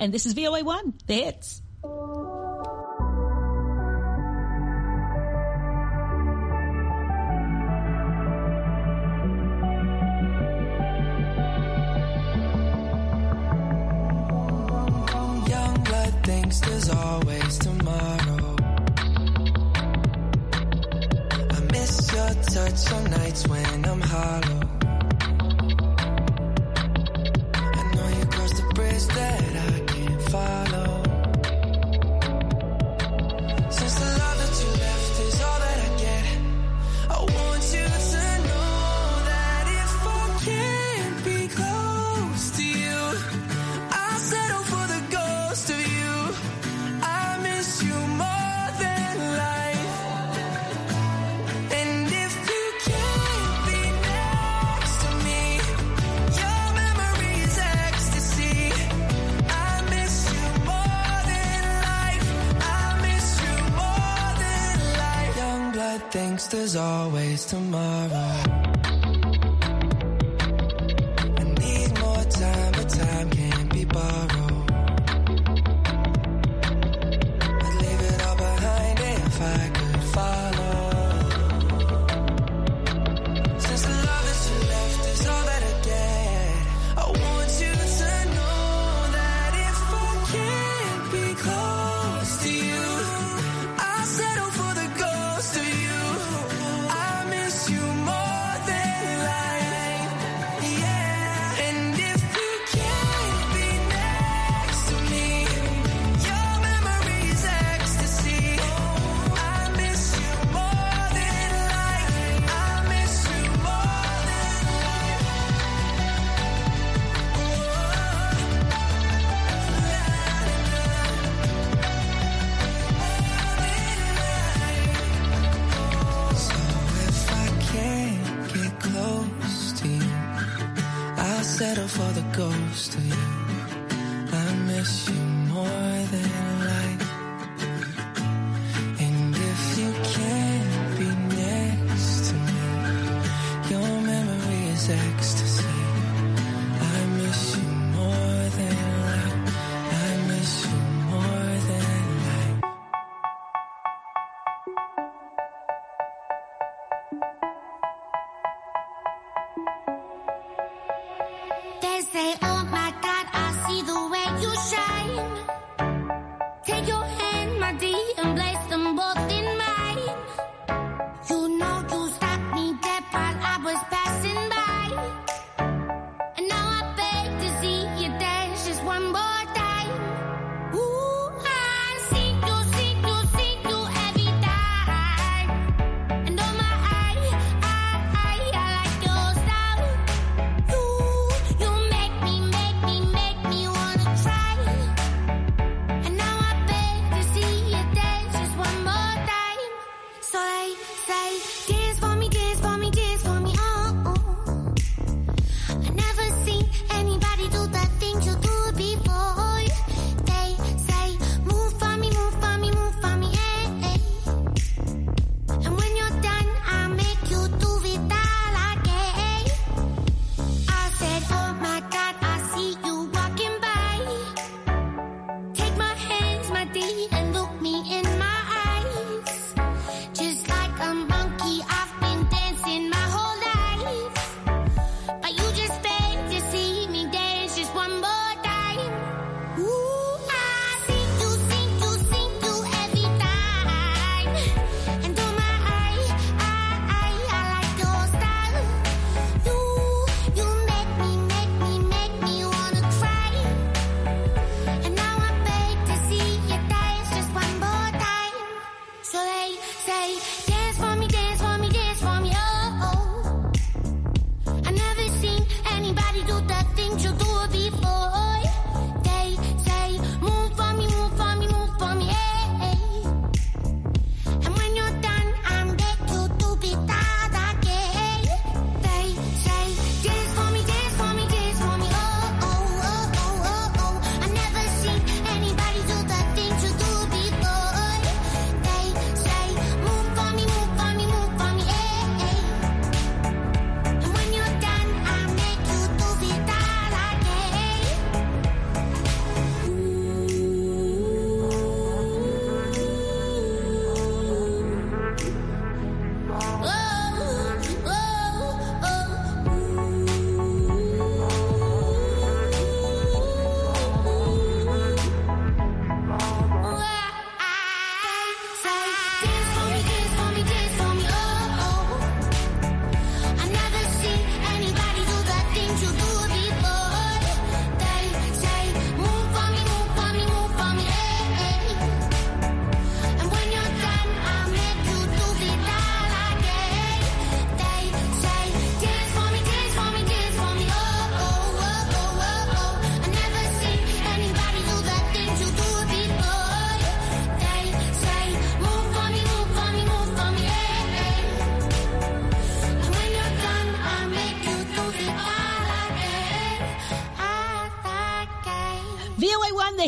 and this is VOA1, the hits. there's always tomorrow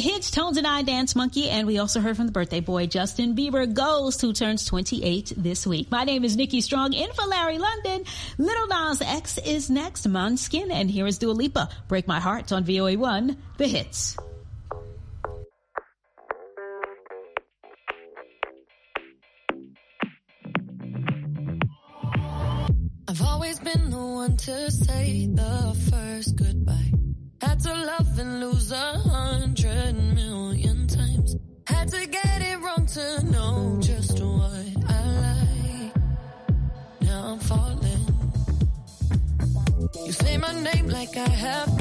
hits Tones and I Dance Monkey, and we also heard from the birthday boy Justin Bieber Ghost, who turns 28 this week. My name is Nikki Strong, in for Larry London. Little Nas X is next, Monskin, and here is Dua Lipa, Break My Heart on VOA1, The Hits. I've always been the one to say the first goodbye. Had to love and lose a hundred million times. Had to get it wrong to know just what I like. Now I'm falling. You say my name like I have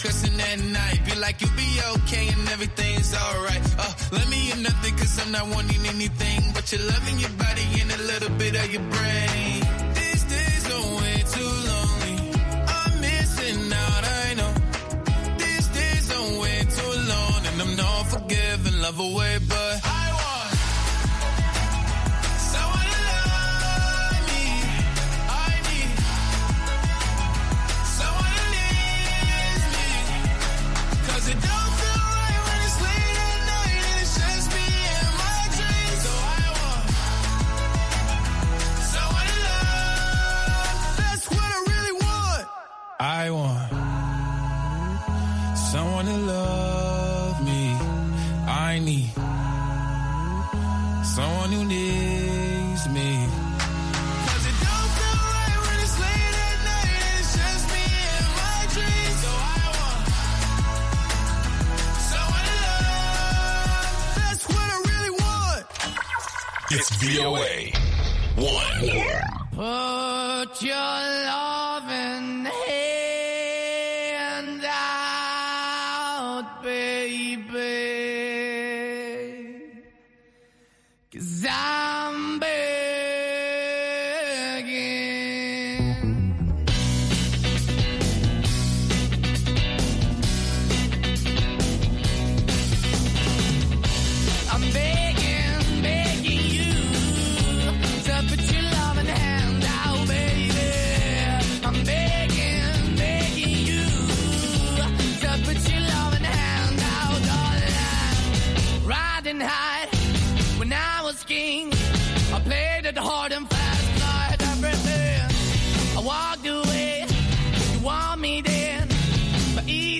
stressing at night. Be like, you'll be okay and everything's alright. Uh, let me in nothing cause I'm not wanting anything. But you're loving your body and a little bit of your brain. These days don't way too lonely. I'm missing out, I know. These days don't way too long. And I'm not forgiving, love away, but It's VOA. One. Put your love in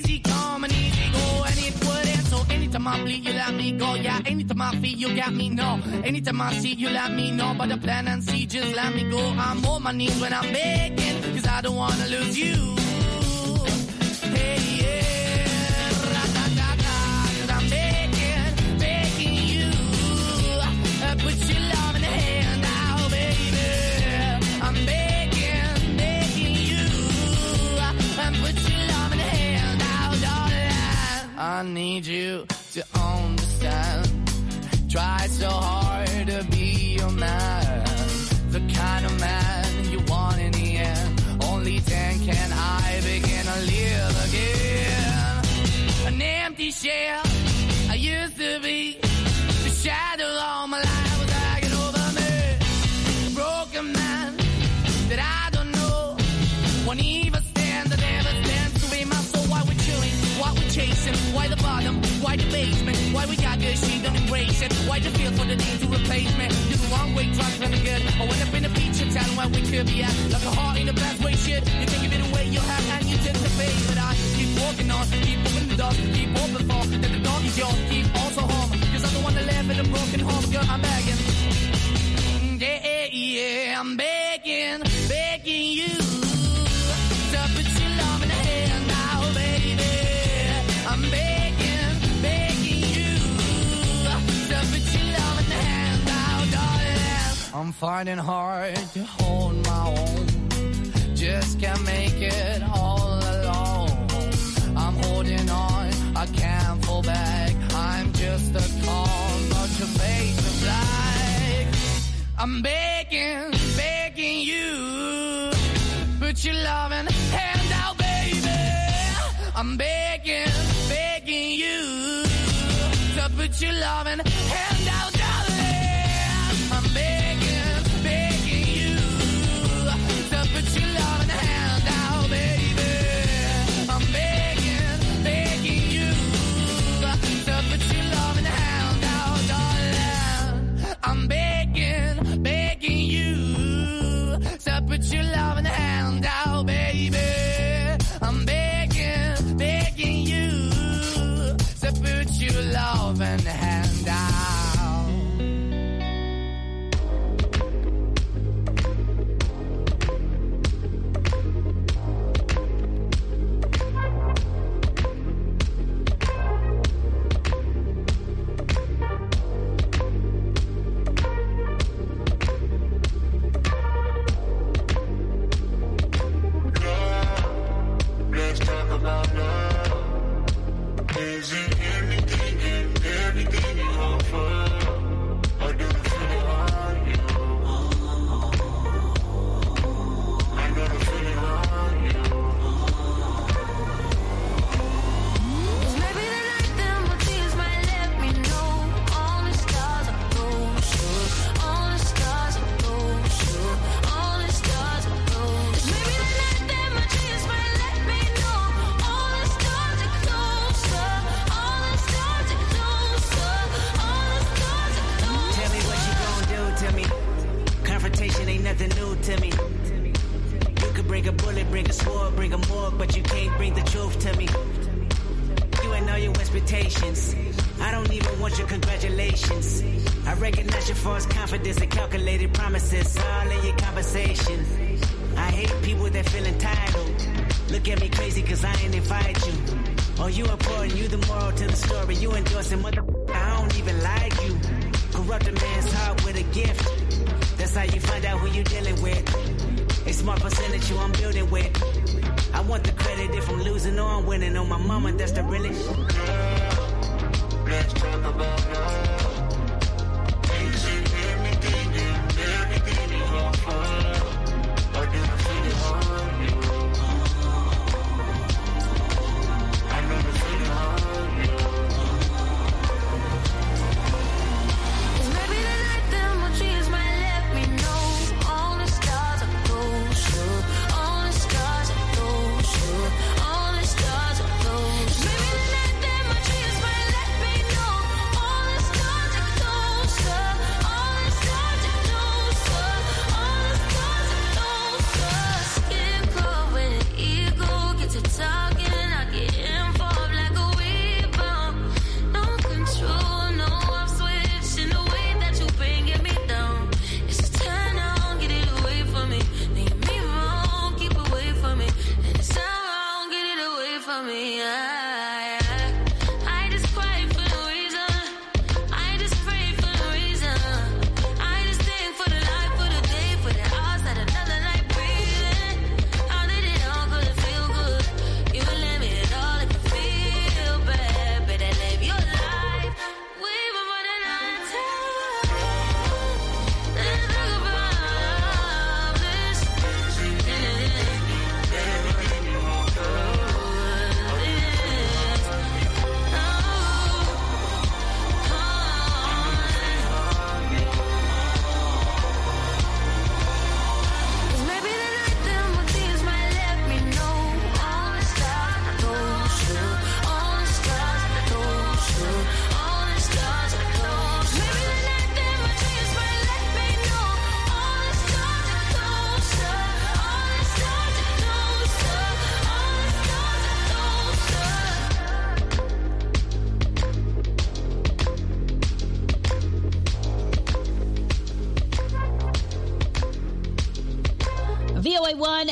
easy come and easy go, and it would So anytime I bleed, you let me go. Yeah, anytime I feel, you got me. No, anytime I see, you let me know. But the plan and see, just let me go. I'm on my knees when I'm begging, cause I don't wanna lose you. I need you to understand. Try so hard to be your man, the kind of man you want in the end. Only then can I begin to live again. An empty shell I used to be, the shadow of my life. Why the basement? Why we got good, she don't embrace it? Why the feel for the need to replace me? You're the wrong way, trying to good. I went up in the feature town where we could be at. Like a heart in a bad way, shit. You can give it away, you have, and you tend to pay. But I keep walking on, keep moving the dust, keep open for. That the dog is yours, keep also home. Cause I'm the one that live in a broken home, girl, I'm begging. Mm, yeah, yeah, yeah, I'm begging, begging you I'm finding hard to hold my own. Just can't make it all alone. I'm holding on, I can't fall back. I'm just a call, not your face of black. I'm begging, begging you. Put your loving hand out, baby. I'm begging, begging you. To put your loving hand your love in the expectations. I don't even want your congratulations. I recognize your false confidence and calculated promises all in your conversation. I hate people that feel entitled. Look at me crazy cause I ain't invite you. Oh, you important, you the moral to the story. You endorsing mother I don't even like you. Corrupt a man's heart with a gift. That's how you find out who you dealing with. A smart percentage you I'm building with. I want the credit if I'm losing or I'm winning. On oh, my mama, that's the realest the capable.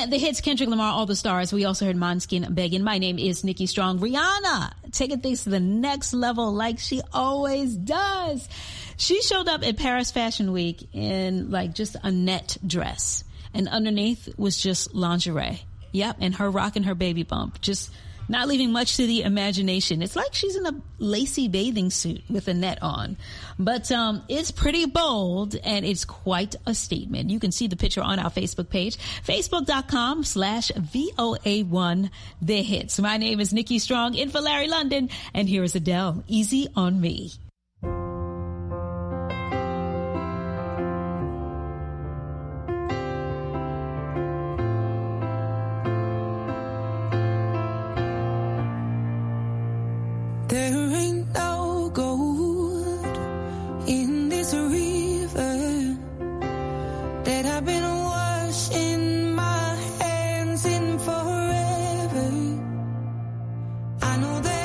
the hits Kendrick Lamar, All the Stars. We also heard Monskin begging. My name is Nikki Strong. Rihanna taking things to the next level like she always does. She showed up at Paris Fashion Week in like just a net dress and underneath was just lingerie. Yep. And her rocking her baby bump. Just not leaving much to the imagination. It's like she's in a lacy bathing suit with a net on, but um, it's pretty bold and it's quite a statement. You can see the picture on our Facebook page, facebook.com slash VOA1 The Hits. My name is Nikki Strong in for Larry London, and here is Adele, Easy on Me. know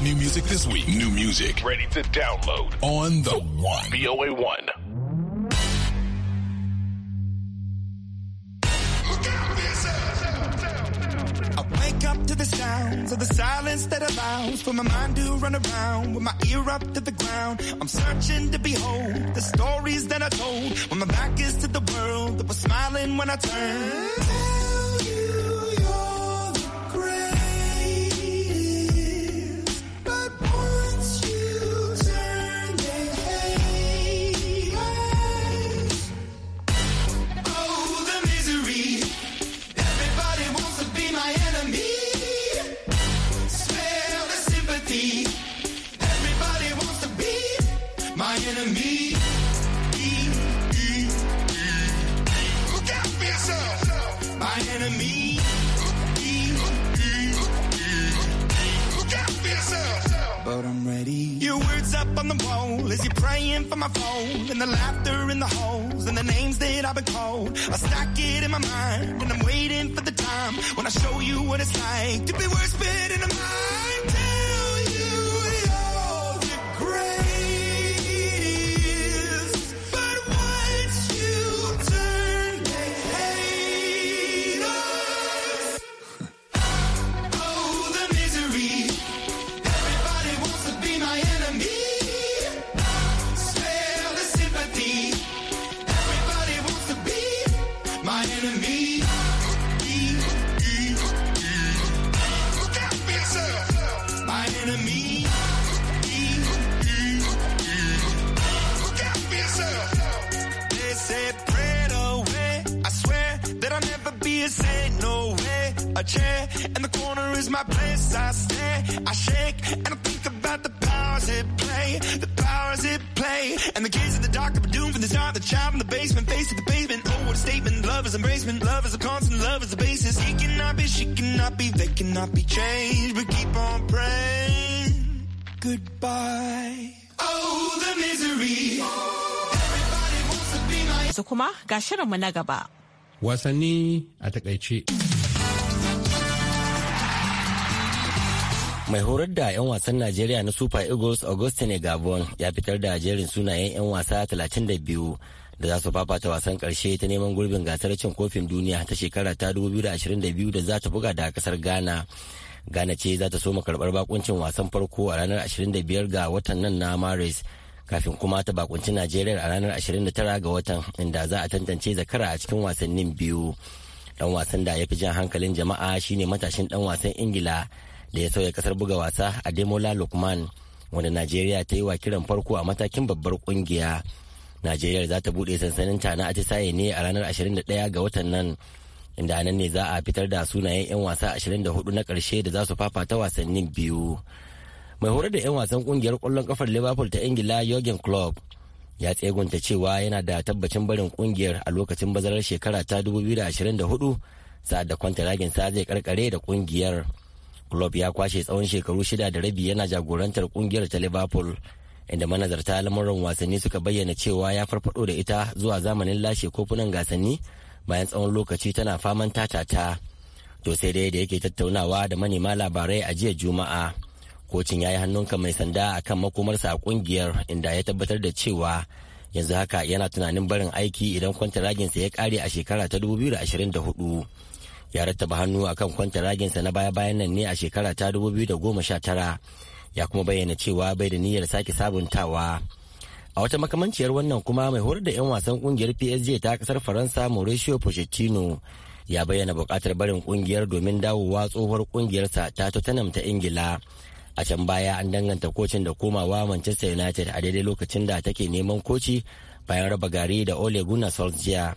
about new music this week. New music ready to download on the one. BOA one. the sounds of the silence that allows for my mind to run around with my ear up to the ground. I'm searching to behold the stories that I told when my back is to the world that was smiling when I turned. the lap is embracement, love is a constant, love is a basis. He cannot be, she cannot be, they cannot be changed. But keep on praying. Goodbye. Oh, the misery. Everybody wants to be my. Su kuma ga na gaba. Wasanni a takaice. mai horar da 'yan wasan najeriya na super eagles augustine gabon ya fitar da jerin sunayen 'yan wasa 32 da za su fafata wasan karshe ta neman gurbin gasar cin kofin duniya ta shekara ta 2022 da za ta buga da kasar ghana ghana ce za ta soma karbar bakuncin wasan farko a ranar 25 ga watan nan na maris kafin kuma ta bakunci najeriya a ranar 29 ga watan inda za a tantance zakara a cikin wasannin biyu dan wasan da ya fi jan hankalin jama'a shine matashin dan wasan ingila da ya sauya kasar buga wasa a demola lukman wanda najeriya ta yi wa kiran farko a matakin babbar kungiya najeriya za ta buɗe ta na atisaye ne a ranar 21 ga watan nan inda nan ne za a fitar da sunayen 'yan wasa 24 na ƙarshe da za su fafata wasannin biyu mai horar da 'yan wasan kungiyar kwallon kafar liverpool ta ingila Jurgen klopp ya tsegunta cewa yana da tabbacin barin kungiyar a lokacin bazarar shekara ta 2024 sa'ad da kwantaragin sa zai karkare da kungiyar klopp ya kwashe tsawon shekaru shida da rabi yana jagorantar kungiyar ta liverpool inda manazarta lamuran wasanni suka bayyana cewa ya farfado da ita zuwa zamanin lashe kofunan gasanni bayan tsawon lokaci tana faman tatata to sai dai da yake tattaunawa da manema labarai a jiya juma'a kocin ya yi hannunka mai sanda akan makomarsa a kungiyar inda ya tabbatar da cewa yanzu haka yana tunanin barin aiki idan kwantaraginsa ya kare a shekara ta hudu. ya rattaba hannu akan kwanta-raginsa na baya-bayan nan ne a shekara ta tara. ya kuma bayyana cewa bai da niyyar sake sabuntawa a wata makamanciyar wannan kuma mai horar da 'yan wasan kungiyar psg ta kasar faransa mauricio pochettino ya bayyana buƙatar barin kungiyar domin dawowa tsohuwar kungiyarsa ta tottenham ta ingila a can baya an danganta kocin da komawa manchester united a daidai lokacin da take neman koci bayan raba gari da ole gunnar solskjaer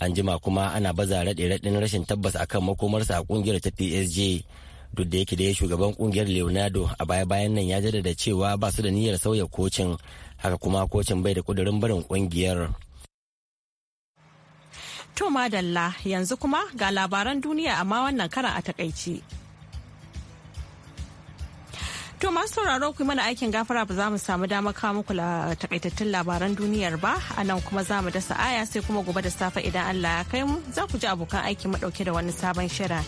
an jima kuma ana baza raɗe-raɗin rashin tabbas akan makomarsa a kungiyar ta psg duk da yake da shugaban kungiyar leonardo a baya-bayan nan ya jaddada cewa ba su da niyyar sauya kocin haka kuma kocin bai da kudurin barin kungiyar to madalla yanzu kuma ga labaran duniya amma wannan karan a takaici To masu sauraro ku mana aikin gafara ba za mu samu dama kawo muku takaitattun labaran duniyar ba a nan kuma za mu dasa aya sai kuma gobe da safe idan Allah ya kai mu za ku ji abokan aiki mu dauke da wani sabon shirin.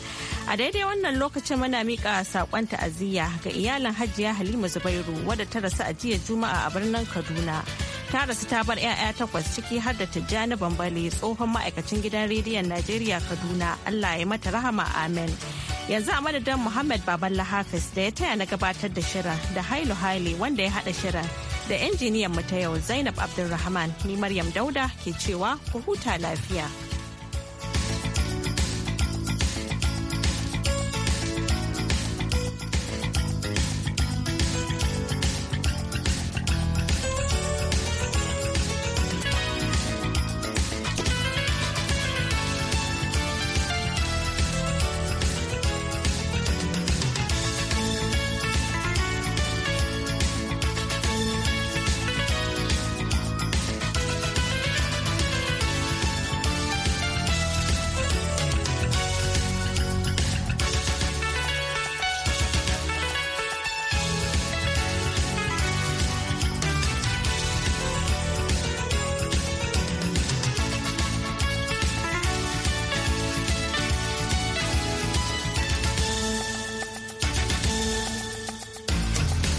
A daidai wannan lokacin muna mika sakon ta'aziyya ga iyalan Hajiya Halima Zubairu wadda ta rasu a jiya Juma'a a birnin Kaduna. Ta rasu ta bar 'ya'ya takwas ciki har da Tijjani Bambale tsohon ma'aikacin gidan rediyon Najeriya Kaduna Allah ya mata rahama amen. Yanzu a madadin Muhammad Baballa Hafiz da ya taya na gabatar da shira da Hailu Haile wanda ya haɗa shirin da injiniyan mu ta yau Zainab Abdulrahman ni Maryam Dauda ke cewa ku huta lafiya.